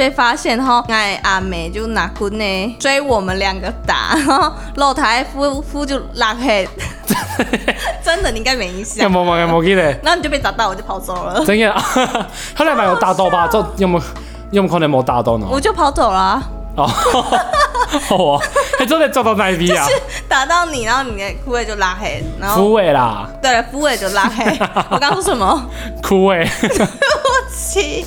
被發現後，哎，阿妹就拿棍呢追我們兩個打，然後露台夫婦就拉黑。對 真的，你應該沒印象。有冇有冇記得？那、嗯嗯嗯嗯、你就被打到，我就跑走了。真的？後來沒有打到吧？就有冇有冇可能冇打到呢？我就跑走了。哦，還真的撞到那一啊！打到你，然後你的褲欸就拉黑。褲欸啦？對了，褲欸就拉黑。 我剛說什麼？褲欸味。 我去。